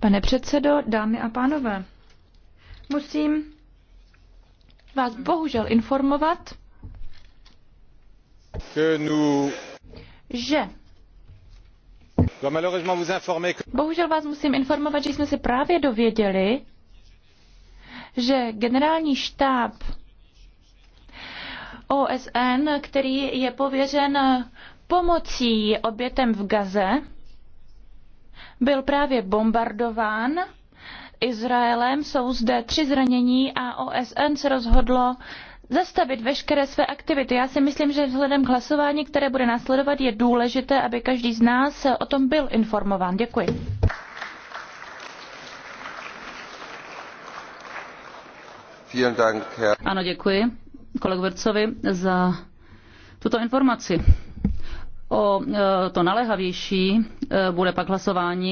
Pane předsedo, dámy a pánové, musím vás bohužel informovat, že Bohužel vás musím informovat, že jsme se právě dověděli, že generální štáb OSN, který je pověřen pomocí obětem v Gaze, byl právě bombardován Izraelem. Jsou zde tři zranění a OSN se rozhodlo zastavit veškeré své aktivity. Já si myslím, že vzhledem k hlasování, které bude následovat, je důležité, aby každý z nás o tom byl informován. Děkuji. Ano, děkuji kolegu za tuto informaci. O e, to naléhavější e, bude pak hlasování